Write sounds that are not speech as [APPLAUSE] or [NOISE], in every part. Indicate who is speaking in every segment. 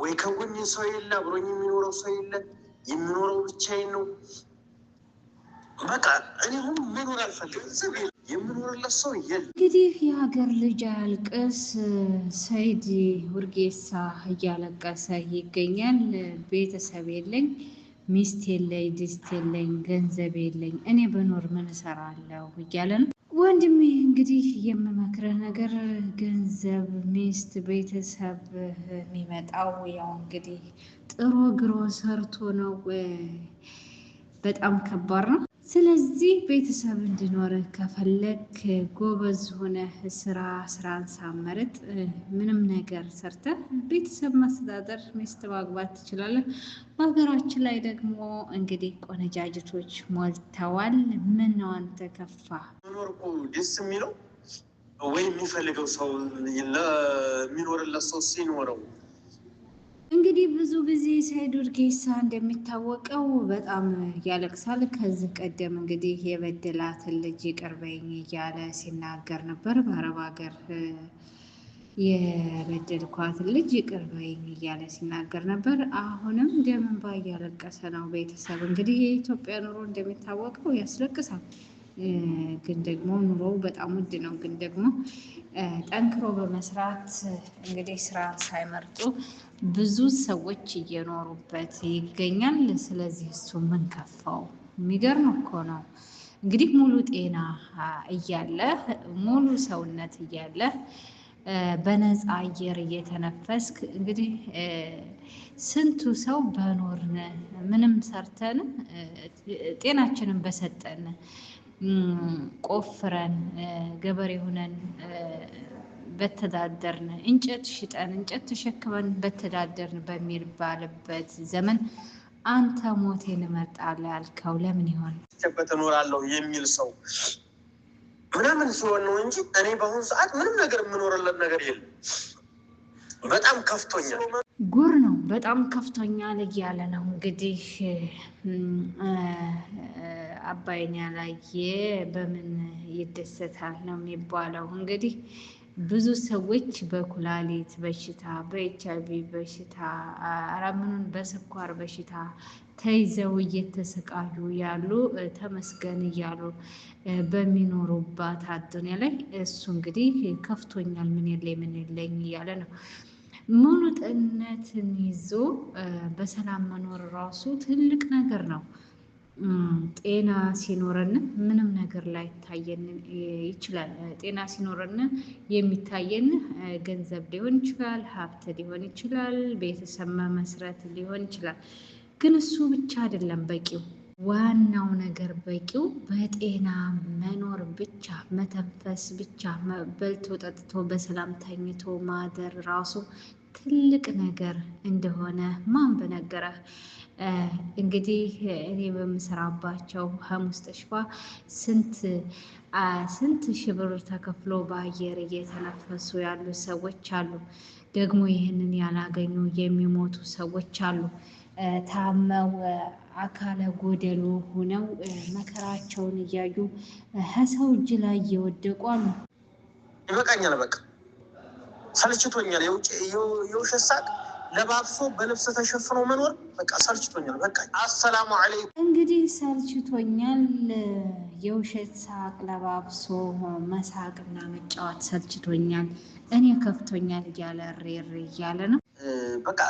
Speaker 1: ወይ ከጎኝ ሰው የለ፣ አብሮኝ የሚኖረው ሰው የለ፣ የሚኖረው ብቻዬን ነው። በቃ እኔ ሁን መኖር አልፈልግም። የምኖርለት ሰው
Speaker 2: እንግዲህ የሀገር ልጅ አልቅስ ሰይድ ውርጌሳ እያለቀሰ ይገኛል። ቤተሰብ የለኝ፣ ሚስት የለኝ፣ ድስት የለኝ፣ ገንዘብ የለኝ፣ እኔ በኖር ምን እሰራለሁ እያለ ነው። ወንድሜ እንግዲህ የምመክርህ ነገር ገንዘብ፣ ሚስት፣ ቤተሰብ የሚመጣው ያው እንግዲህ ጥሮ ግሮ ሰርቶ ነው። በጣም ከባድ ነው። ስለዚህ ቤተሰብ እንዲኖረ ከፈለግ ጎበዝ ሆነ ስራ ስራን ሳመረጥ ምንም ነገር ሰርተ ቤተሰብ ማስተዳደር ሚስት ማግባት ትችላለን። በሀገራችን ላይ ደግሞ እንግዲህ ቆነጃጅቶች ሞልተዋል። ምን ነው ከፋ?
Speaker 1: ደስ የሚለው ወይ የሚፈልገው ሰው የሚኖርለት ሰው ሲኖረው
Speaker 2: እንግዲህ ብዙ ጊዜ ሰኢድ ወርጌሳ እንደሚታወቀው በጣም ያለቅሳል። ከዚህ ቀደም እንግዲህ የበደላትን ልጅ ቅርበኝ እያለ ሲናገር ነበር። በአረብ ሀገር የበደልኳትን ልጅ ይቅር እያለ ሲናገር ነበር። አሁንም ደም እንባ እያለቀሰ ነው። ቤተሰብ እንግዲህ የኢትዮጵያ ኑሮ እንደሚታወቀው ያስለቅሳል። ግን ደግሞ ኑሮው በጣም ውድ ነው። ግን ደግሞ ጠንክሮ በመስራት እንግዲህ ስራ ሳይመርጡ ብዙ ሰዎች እየኖሩበት ይገኛል። ስለዚህ እሱ ምን ከፋው? የሚገርም እኮ ነው። እንግዲህ ሙሉ ጤና እያለ ሙሉ ሰውነት እያለ በነፃ አየር እየተነፈስክ እንግዲህ ስንቱ ሰው በኖርን ምንም ሰርተን ጤናችንን በሰጠን ቆፍረን ገበሬ ሆነን በተዳደርን እንጨት ሽጠን እንጨት ተሸክመን በተዳደርን በሚባልበት ዘመን አንተ ሞቴን እመርጣለሁ ያልከው ለምን ይሆን?
Speaker 1: በት እኖራለሁ የሚል ሰው ምናምን ሲሆን ነው እንጂ እኔ በአሁኑ ሰዓት ምንም ነገር የምኖርለት ነገር የለም። በጣም ከፍቶኛል፣
Speaker 2: ጉር ነው። በጣም ከፍቶኛል እያለ ነው እንግዲህ አባይኛ ያላየ በምን ይደሰታል ነው የሚባለው። እንግዲህ ብዙ ሰዎች በኩላሊት በሽታ፣ በኤች አይቪ በሽታ አራምኑን በስኳር በሽታ ተይዘው እየተሰቃዩ ያሉ ተመስገን እያሉ በሚኖሩባት አዱኒያ ላይ እሱ እንግዲህ ከፍቶኛል፣ ምን የለኝ ምን የለኝ እያለ ነው። ሙሉ ጤንነትን ይዞ በሰላም መኖር ራሱ ትልቅ ነገር ነው። ጤና ሲኖረን ምንም ነገር ላይታየን ይችላል። ጤና ሲኖረን የሚታየን ገንዘብ ሊሆን ይችላል፣ ሀብት ሊሆን ይችላል፣ ቤተሰብ መመስረት ሊሆን ይችላል። ግን እሱ ብቻ አይደለም በቂው። ዋናው ነገር በቂው በጤና መኖር ብቻ፣ መተንፈስ ብቻ፣ በልቶ ጠጥቶ በሰላም ተኝቶ ማደር ራሱ ትልቅ ነገር እንደሆነ ማን በነገረ እንግዲህ እኔ በምሰራባቸው ሙስተሽፋ ስንት ስንት ሺህ ብር ተከፍሎ በአየር እየተነፈሱ ያሉ ሰዎች አሉ። ደግሞ ይህንን ያላገኙ የሚሞቱ ሰዎች አሉ። ታመው አካለ ጎደሎ ሆነው መከራቸውን እያዩ ከሰው እጅ ላይ እየወደቁ አሉ።
Speaker 1: ይበቃኛል በቃ ሰልችቶኛል። የውሸት ሳቅ ለባብሶ በልብስ ተሸፍኖ መኖር በቃ ሰልችቶኛል። በቃ አሰላሙ
Speaker 2: አለይኩም። እንግዲህ ሰልችቶኛል፣ የውሸት ሳቅ ለባብሶ መሳቅና መጫወት ሰልችቶኛል፣ እኔ ከፍቶኛል እያለ ሬር እያለ ነው።
Speaker 1: በቃ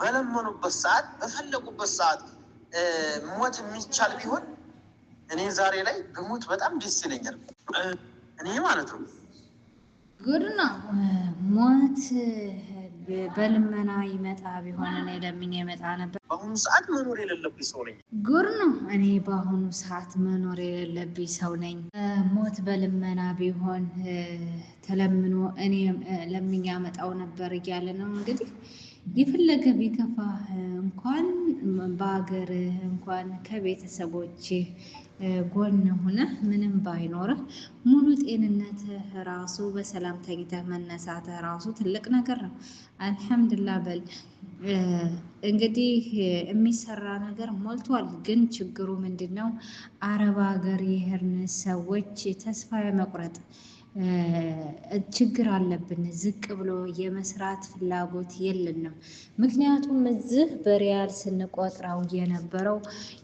Speaker 1: በለመኑበት ሰዓት በፈለጉበት ሰዓት ሞት የሚቻል ቢሆን እኔ ዛሬ ላይ ብሞት በጣም ደስ ይለኛል። እኔ ማለት ነው
Speaker 2: ጉድ ሞት በልመና ይመጣ ቢሆን እኔ ለምኜ ይመጣ ነበር።
Speaker 1: በአሁኑ ሰዓት መኖር የሌለብኝ ሰው ነኝ።
Speaker 2: ጉድ ነው። እኔ በአሁኑ ሰዓት መኖር የሌለብኝ ሰው ነኝ። ሞት በልመና ቢሆን ተለምኖ እኔ ለምኜ ያመጣው ነበር እያለ ነው እንግዲህ የፈለገ ቢከፋ እንኳን በሀገር እንኳን ከቤተሰቦች ጎን ሆነ ምንም ባይኖርህ ሙሉ ጤንነትህ ራሱ በሰላም ተኝተህ መነሳትህ ራሱ ትልቅ ነገር ነው። አልሐምድላ በል እንግዲህ የሚሰራ ነገር ሞልቷል። ግን ችግሩ ምንድን ነው? አረብ ሀገር የሄድን ሰዎች ተስፋ የመቁረጥ ችግር አለብን። ዝቅ ብሎ የመስራት ፍላጎት የለንም። ምክንያቱም እዚህ በሪያል ስንቆጥረው የነበረው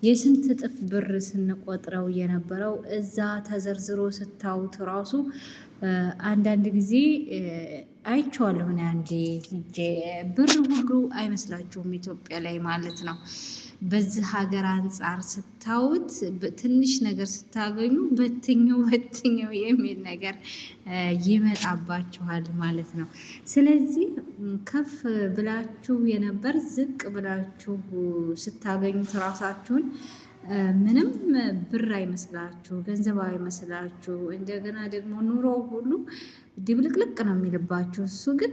Speaker 2: የስንት እጥፍ ብር ስንቆጥረው የነበረው እዛ ተዘርዝሮ ስታዩት ራሱ አንዳንድ ጊዜ አይቼዋለሁ እኔ አንዴ ብር ሁሉ አይመስላችሁም ኢትዮጵያ ላይ ማለት ነው። በዚህ ሀገር አንጻር ስታዩት ትንሽ ነገር ስታገኙ በትኛው [LAUGHS] በትኛው የሚል ነገር ይመጣባችኋል ማለት ነው። ስለዚህ ከፍ ብላችሁ የነበር ዝቅ ብላችሁ ስታገኙት ራሳችሁን ምንም ብር አይመስላችሁ፣ ገንዘብ አይመስላችሁ። እንደገና ደግሞ ኑሮ ሁሉ ድብልቅልቅ ነው የሚልባቸው። እሱ ግን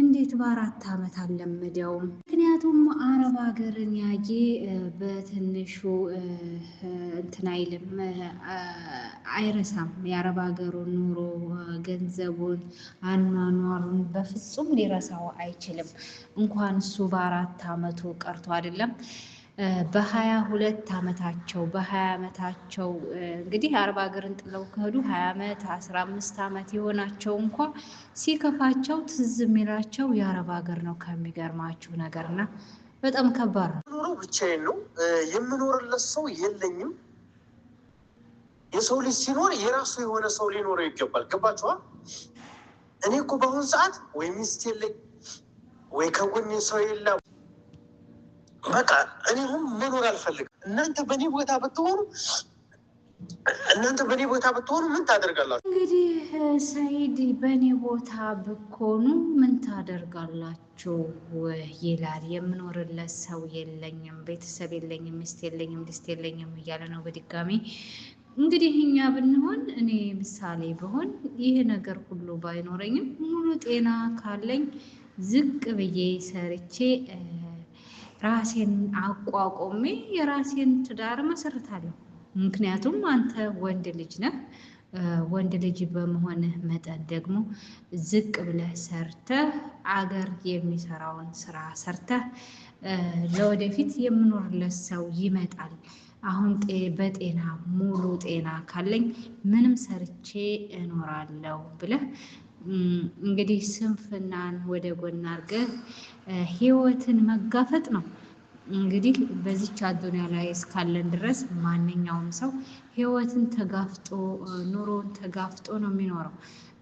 Speaker 2: እንዴት በአራት ዓመት አልለመደውም። ምክንያቱም አረብ ሀገርን ያየ በትንሹ እንትን አይልም አይረሳም። የአረብ ሀገሩን ኑሮ፣ ገንዘቡን፣ አኗኗሩን በፍጹም ሊረሳው አይችልም። እንኳን እሱ በአራት ዓመቱ ቀርቶ አይደለም በሀያ ሁለት አመታቸው በሀያ አመታቸው እንግዲህ አርባ ሀገርን ጥለው ከሄዱ ሀያ አመት አስራ አምስት አመት የሆናቸው እንኳ ሲከፋቸው ትዝ የሚላቸው የአረብ ሀገር ነው። ከሚገርማችሁ ነገር እና በጣም ከባድ
Speaker 1: ነው። ኖረው ብቻዬን ነው የምኖርለት ሰው የለኝም። የሰው ልጅ ሲኖር የራሱ የሆነ ሰው ሊኖረው ይገባል። ገባችኋል? እኔ እኮ በአሁኑ ሰዓት ወይ ሚስት የለኝ ወይ ከጎኔ ሰው የለም። በቃ እኔ መኖር አልፈልግም። እናንተ በእኔ ቦታ ብትሆኑ እናንተ በእኔ ቦታ ብትሆኑ ምን ታደርጋላችሁ?
Speaker 2: እንግዲህ ሰይድ በእኔ ቦታ ብኮኑ ምን ታደርጋላችሁ ይላል። የምኖርለት ሰው የለኝም፣ ቤተሰብ የለኝም፣ ሚስት የለኝም፣ ድስት የለኝም እያለ ነው በድጋሚ እንግዲህ እኛ ብንሆን እኔ ምሳሌ ብሆን ይህ ነገር ሁሉ ባይኖረኝም ሙሉ ጤና ካለኝ ዝቅ ብዬ ሰርቼ ራሴን አቋቁሜ የራሴን ትዳር መሰርታለሁ። ምክንያቱም አንተ ወንድ ልጅ ነህ። ወንድ ልጅ በመሆንህ መጠን ደግሞ ዝቅ ብለህ ሰርተህ አገር የሚሰራውን ስራ ሰርተህ ለወደፊት የምኖርለት ሰው ይመጣል። አሁን በጤና ሙሉ ጤና ካለኝ ምንም ሰርቼ እኖራለሁ ብለህ እንግዲህ ስንፍናን ወደ ጎን አድርገህ ህይወትን መጋፈጥ ነው። እንግዲህ በዚች አዱኒያ ላይ እስካለን ድረስ ማንኛውም ሰው ህይወትን ተጋፍጦ ኑሮን ተጋፍጦ ነው የሚኖረው።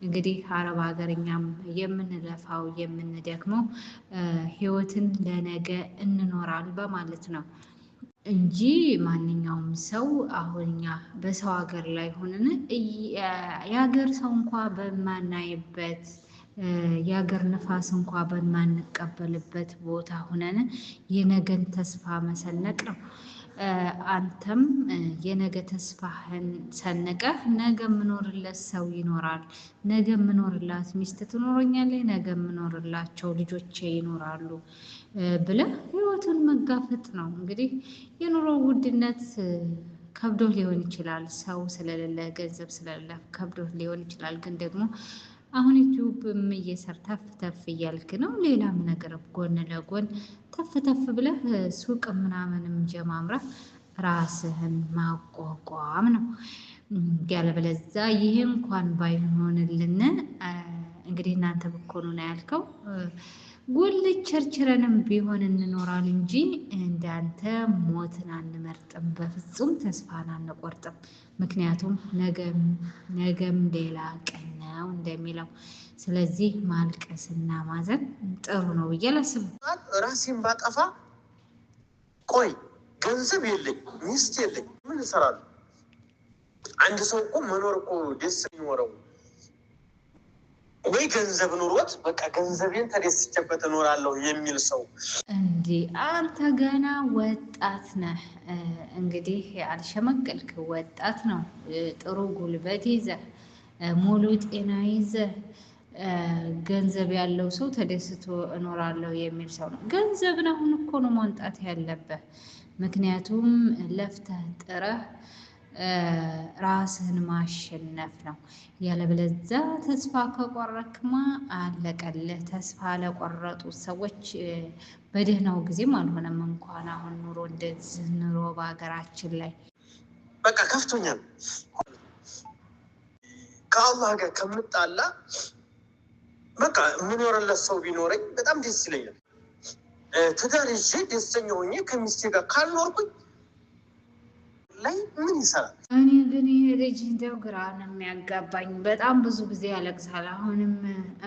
Speaker 2: እንግዲህ አረብ ሀገርኛም የምንለፋው የምንደክመው ህይወትን ለነገ እንኖራል በማለት ነው። እንጂ ማንኛውም ሰው አሁን እኛ በሰው ሀገር ላይ ሆነን የሀገር ሰው እንኳ በማናይበት የሀገር ንፋስ እንኳ በማንቀበልበት ቦታ ሆነን የነገን ተስፋ መሰነቅ ነው። አንተም የነገ ተስፋህን ሰንቀህ ነገ የምኖርለት ሰው ይኖራል፣ ነገ የምኖርላት ሚስት ትኖረኛለች፣ ነገ የምኖርላቸው ልጆቼ ይኖራሉ ብለህ ህይወቱን መጋፈጥ ነው። እንግዲህ የኑሮ ውድነት ከብዶ ሊሆን ይችላል። ሰው ስለሌለ ገንዘብ ስለሌለ ከብዶ ሊሆን ይችላል። ግን ደግሞ አሁን ዩቲዩብም እየሰር ተፍ ተፍ እያልክ ነው። ሌላም ነገር ጎን ለጎን ተፍ ተፍ ብለህ ሱቅ ምናምንም ጀማምረህ ራስህን ማቋቋም ነው። ያለበለዛ ይህ እንኳን ባይሆንልን እንግዲህ እናንተ ብኮኑ ነው ያልከው ጉልት ቸርችረንም ቢሆን እንኖራል እንጂ እንዳንተ ሞትን አንመርጥም፣ በፍጹም ተስፋን አንቆርጥም። ምክንያቱም ነገም ሌላ ቀን ነው እንደሚለው። ስለዚህ ማልቀስና ማዘን ጥሩ ነው ብዬ ላስብ።
Speaker 1: ራሴን ባጠፋ ቆይ ገንዘብ የለኝ ሚስት የለኝ ምን እሰራለሁ? አንድ ሰው እኮ መኖር እኮ ደስ የሚወረው ወይ ገንዘብ ኑሮት በቃ ገንዘቤን ተደስቼበት እኖራለሁ የሚል ሰው
Speaker 2: እንዲ አንተ ገና ወጣት ነህ። እንግዲህ አልሸመቀልክ ወጣት ነው። ጥሩ ጉልበት ይዘህ ሙሉ ጤና ይዘህ ገንዘብ ያለው ሰው ተደስቶ እኖራለሁ የሚል ሰው ነው። ገንዘብን አሁን እኮ ነው ማምጣት ያለብህ። ምክንያቱም ለፍተህ ጥረህ ራስህን ማሸነፍ ነው። ያለበለዚያ ተስፋ ከቆረክማ አለቀልህ። ተስፋ ለቆረጡ ሰዎች በደህናው ጊዜም አልሆነም እንኳን አሁን ኑሮ እንደዚህ ኑሮ በሀገራችን ላይ
Speaker 1: በቃ ከፍቶኛል። ከአላህ ጋር ከምጣላ በቃ የምኖረለት ሰው ቢኖረኝ በጣም ደስ ይለኛል። ትዳር ይዤ ደስተኛ ሆኜ ከሚስቴ ጋር ካልኖርኩኝ ላይ ምን ይሰራል?
Speaker 2: እኔ ግን ይሄ ልጅ እንደው ግራ ነው የሚያጋባኝ። በጣም ብዙ ጊዜ ያለቅሳል። አሁንም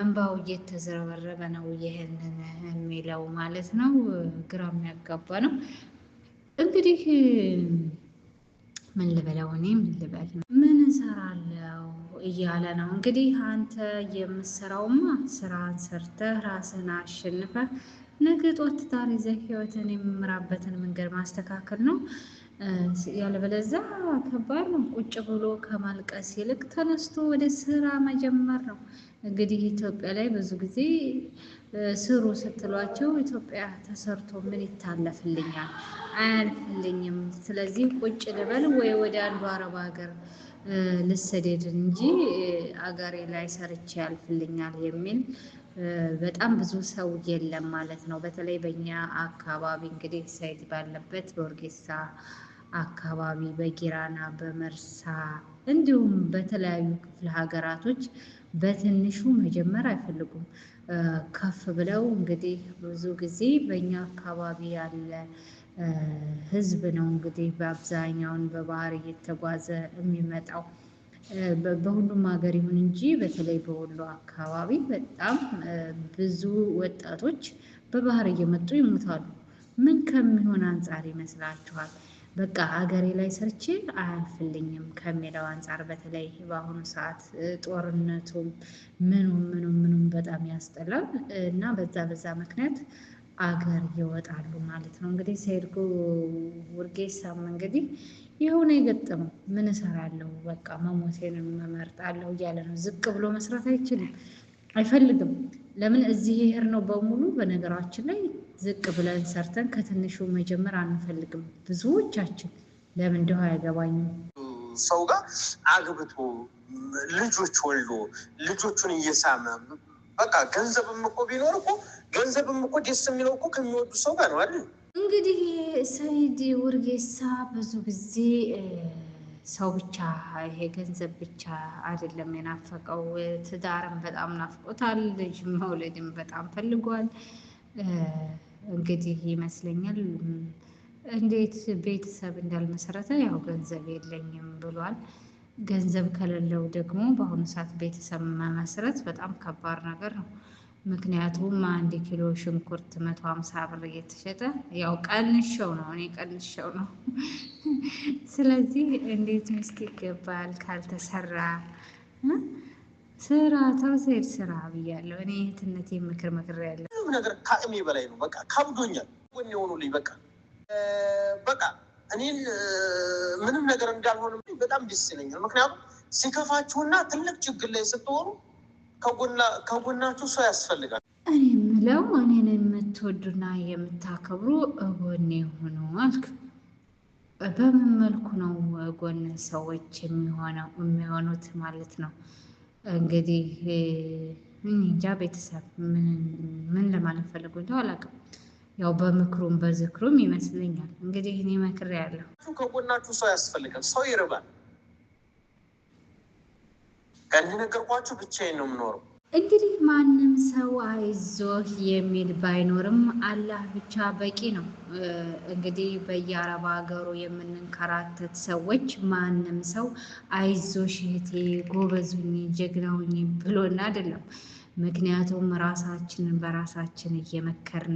Speaker 2: እንባው እየተዘረበረበ ነው ይህንን የሚለው ማለት ነው። ግራ የሚያጋባ ነው። እንግዲህ ምን ልበለው እኔ ምን ልበል ምን እንሰራለው እያለ ነው እንግዲህ አንተ የምሰራውማ ስራን ሰርተህ ራስን አሸንፈህ ነገ ጧት ትዳር ይዘህ ህይወትን የምምራበትን መንገድ ማስተካከል ነው። ያለበለዛ ከባድ ነው። ቁጭ ብሎ ከማልቀስ ይልቅ ተነስቶ ወደ ስራ መጀመር ነው። እንግዲህ ኢትዮጵያ ላይ ብዙ ጊዜ ስሩ ስትሏቸው ኢትዮጵያ ተሰርቶ ምን ይታለፍልኛል? አያልፍልኝም። ስለዚህ ቁጭ ልበል ወይ ወደ አንዱ አረብ ሀገር ልሰደድ እንጂ አገሬ ላይ ሰርቼ ያልፍልኛል የሚል በጣም ብዙ ሰው የለም ማለት ነው። በተለይ በእኛ አካባቢ እንግዲህ ሰይድ ባለበት በወርጌሳ አካባቢ በጊራና በመርሳ እንዲሁም በተለያዩ ክፍለ ሀገራቶች በትንሹ መጀመር አይፈልጉም። ከፍ ብለው እንግዲህ ብዙ ጊዜ በእኛ አካባቢ ያለ ህዝብ ነው እንግዲህ በአብዛኛውን በባህር እየተጓዘ የሚመጣው በሁሉም ሀገር ይሁን እንጂ በተለይ በወሎ አካባቢ በጣም ብዙ ወጣቶች በባህር እየመጡ ይሞታሉ። ምን ከሚሆን አንጻር ይመስላችኋል? በቃ አገሬ ላይ ሰርቼ አያልፍልኝም ከሚለው አንጻር በተለይ በአሁኑ ሰዓት ጦርነቱም ምኑም ምኑም ምኑም በጣም ያስጠላል እና በዛ በዛ ምክንያት አገር ይወጣሉ ማለት ነው። እንግዲህ ሰይድጎ ውርጌሳም እንግዲህ የሆነ የገጠመው ምን እሰራለሁ በቃ መሞቴንም እመርጣለሁ እያለ ነው። ዝቅ ብሎ መስራት አይችልም አይፈልግም። ለምን እዚህ ይሄር ነው በሙሉ በነገራችን ላይ ዝቅ ብለን ሰርተን ከትንሹ መጀመር አንፈልግም። ብዙዎቻችን ለምን እንደው አያገባኝም
Speaker 1: ሰው ጋር አግብቶ ልጆች ወልዶ ልጆቹን እየሳመ በቃ ገንዘብም እኮ ቢኖር እኮ ገንዘብም እኮ ደስ የሚለው እኮ ከሚወዱ ሰው ጋር ነው አይደል?
Speaker 2: እንግዲህ ሰይድ ውርጌሳ ብዙ ጊዜ ሰው ብቻ ይሄ ገንዘብ ብቻ አይደለም የናፈቀው፣ ትዳርም በጣም ናፍቆታል። ልጅ መውለድም በጣም ፈልጓል። እንግዲህ ይመስለኛል እንዴት ቤተሰብ እንዳልመሰረተ ያው ገንዘብ የለኝም ብሏል። ገንዘብ ከሌለው ደግሞ በአሁኑ ሰዓት ቤተሰብ መመስረት በጣም ከባድ ነገር ነው። ምክንያቱም አንድ ኪሎ ሽንኩርት መቶ ሀምሳ ብር እየተሸጠ ያው ቀንሸው ነው እኔ ቀንሸው ነው። ስለዚህ እንዴት ምስክ ይገባል ካልተሰራ ስራ ተውሰድ ስራ ብያለሁ። እኔ እህትነት ምክር ምክር ያለው
Speaker 1: ነገር ከአቅሜ በላይ ነው። በቃ ከብዶኛል። ወን የሆኑልኝ በቃ በቃ እኔን ምንም ነገር እንዳልሆነ በጣም ደስ ይለኛል። ምክንያቱም ሲከፋችሁና ትልቅ ችግር ላይ ስትሆኑ ከጎናችሁ ሰው ያስፈልጋል።
Speaker 2: እኔ የምለው እኔን የምትወዱና የምታከብሩ ጎን የሆነው በምን መልኩ ነው ጎን ሰዎች የሚሆኑት ማለት ነው? እንግዲህ እንጃ ቤተሰብ ምን ለማለት ፈለጉ እንደው አላውቅም። ያው በምክሩም በዝክሩም ይመስለኛል። እንግዲህ እኔ መክሬ ያለሁ
Speaker 1: ከጎናችሁ ሰው ያስፈልጋል። ሰው ይርባል። ከነገርኳችሁ ብቻዬን ነው የምኖረው።
Speaker 2: እንግዲህ ማንም ሰው አይዞህ የሚል ባይኖርም አላህ ብቻ በቂ ነው። እንግዲህ በየአረብ ሀገሩ የምንንከራተት ሰዎች ማንም ሰው አይዞሽ እህቴ፣ ጎበዙኝ፣ ጀግናውኝ ብሎን አይደለም። ምክንያቱም ራሳችንን በራሳችን እየመከርን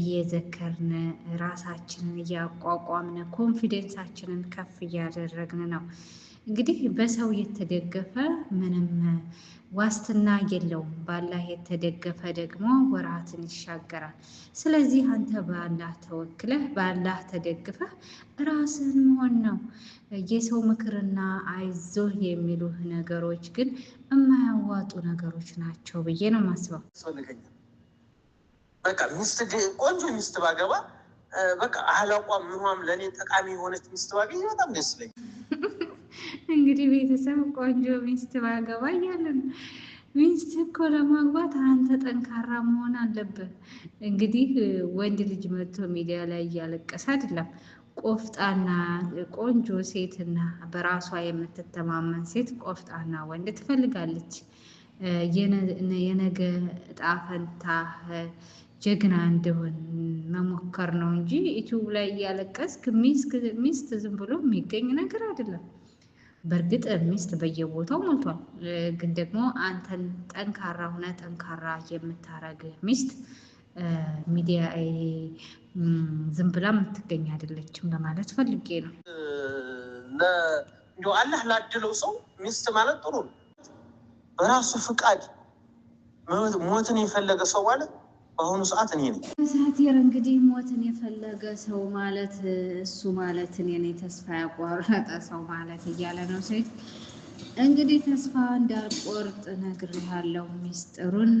Speaker 2: እየዘከርን ራሳችንን እያቋቋምን ኮንፊደንሳችንን ከፍ እያደረግን ነው። እንግዲህ በሰው የተደገፈ ምንም ዋስትና የለውም። በአላህ የተደገፈ ደግሞ ወራትን ይሻገራል። ስለዚህ አንተ በአላህ ተወክለህ በአላህ ተደግፈህ ራስህን መሆን ነው። የሰው ምክርና አይዞህ የሚሉህ ነገሮች ግን የማያዋጡ ነገሮች ናቸው ብዬ ነው ማስበው።
Speaker 1: በቃ ሚስት ቆንጆ ሚስት ባገባ በቃ አህላቋ ምንም ለእኔ ጠቃሚ የሆነች ሚስት ባገኝ በጣም ደስ
Speaker 2: ይለኛል። እንግዲህ ቤተሰብ ቆንጆ ሚስት ባገባ ነው። ሚስት እኮ ለማግባት አንተ ጠንካራ መሆን አለብህ። እንግዲህ ወንድ ልጅ መጥቶ ሚዲያ ላይ እያለቀሰ አይደለም። ቆፍጣና ቆንጆ ሴትና በራሷ የምትተማመን ሴት ቆፍጣና ወንድ ትፈልጋለች። የነገ ዕጣ ፈንታ ጀግና እንደሆን መሞከር ነው እንጂ ዩቲዩብ ላይ እያለቀስክ ሚስት ዝም ብሎ የሚገኝ ነገር አይደለም። በእርግጥ ሚስት በየቦታው ሞልቷል። ግን ደግሞ አንተን ጠንካራ ሆነ ጠንካራ የምታረግ ሚስት ሚዲያ ዝም ብላ የምትገኝ አይደለችም ለማለት ፈልጌ ነው።
Speaker 1: አላህ ላድለው ሰው ሚስት ማለት ጥሩ ነው። በራሱ ፍቃድ ሞትን የፈለገ ሰው ማለት በአሁኑ ሰዓት እኔ ነኝ።
Speaker 2: ሳቲር እንግዲህ ሞትን የፈለገ ሰው ማለት እሱ ማለት እኔ ተስፋ ያቆረጠ ሰው ማለት እያለ ነው። ሴት እንግዲህ ተስፋ እንዳልቆርጥ ያለው ሚስጥሩን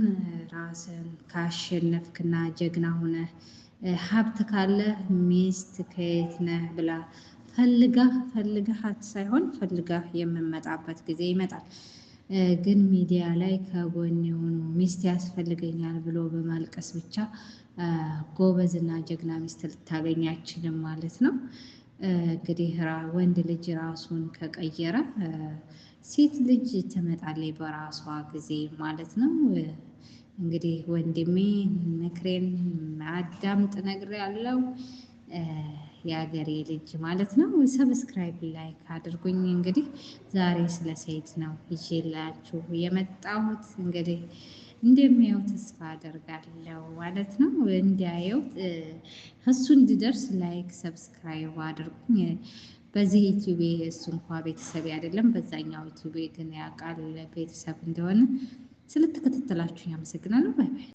Speaker 2: ራስን ካሸነፍክና ጀግና ሆነ ሀብት ካለ ሚስት ከየት ነህ ብላ ፈልጋህ ፈልጋህ ሳይሆን ፈልጋህ የምመጣበት ጊዜ ይመጣል። ግን ሚዲያ ላይ ከጎን የሆኑ ሚስት ያስፈልገኛል ብሎ በማልቀስ ብቻ ጎበዝና ጀግና ሚስት ልታገኝ አይችልም ማለት ነው። እንግዲህ ወንድ ልጅ ራሱን ከቀየረ ሴት ልጅ ትመጣለች በራሷ ጊዜ ማለት ነው። እንግዲህ ወንድሜ ምክሬን አዳምጥ ያለው። የአገሬ ልጅ ማለት ነው። ሰብስክራይብ ላይክ አድርጉኝ። እንግዲህ ዛሬ ስለ ሴት ነው ይዤላችሁ የመጣሁት። እንግዲህ እንደሚያው ተስፋ አደርጋለሁ ማለት ነው። እንዲያየው እሱ እንዲደርስ ላይክ ሰብስክራይብ አድርጉኝ። በዚህ ዩቲዩብ እሱ እንኳ ቤተሰብ አይደለም፣ በዛኛው ዩቲዩብ ግን ያውቃል ቤተሰብ እንደሆነ። ስለተከታተላችሁ ያመሰግናለሁ። ባይ ባይ